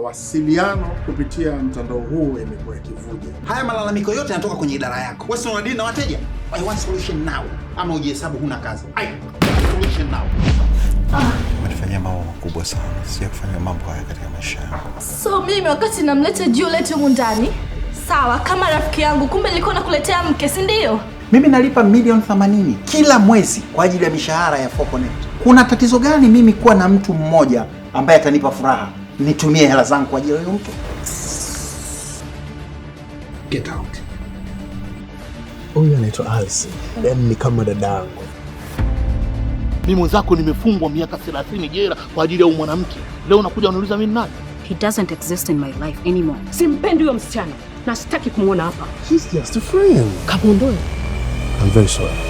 mawasiliano kupitia mtandao huu imekuwa ikivuja. Haya malalamiko yote yanatoka kwenye idara yako, wewe si unadili na wateja? I want solution now, ama ujihesabu huna kazi. I solution now. Umetufanyia mambo makubwa sana, si kufanya mambo haya katika maisha yangu. So mimi wakati namleta Juliet humu ndani, sawa kama rafiki yangu, kumbe nilikuwa nakuletea mke, si ndio? Mimi nalipa milioni 80 kila mwezi kwa ajili ya mishahara ya Foconet. Kuna tatizo gani mimi kuwa na mtu mmoja ambaye atanipa furaha nitumie hela zangu kwa ajili ya huyo mtu? Get out. Huyu anaitwa Alice, yaani ni kama dadangu. Mimi mwenzako nimefungwa miaka 30 jela kwa ajili ya huyu mwanamke, leo unakuja unauliza mimi nani? He doesn't exist in my life anymore. Simpendi huyo msichana na sitaki kumwona hapa. He's just a friend. Kamuondoe. I'm very sorry.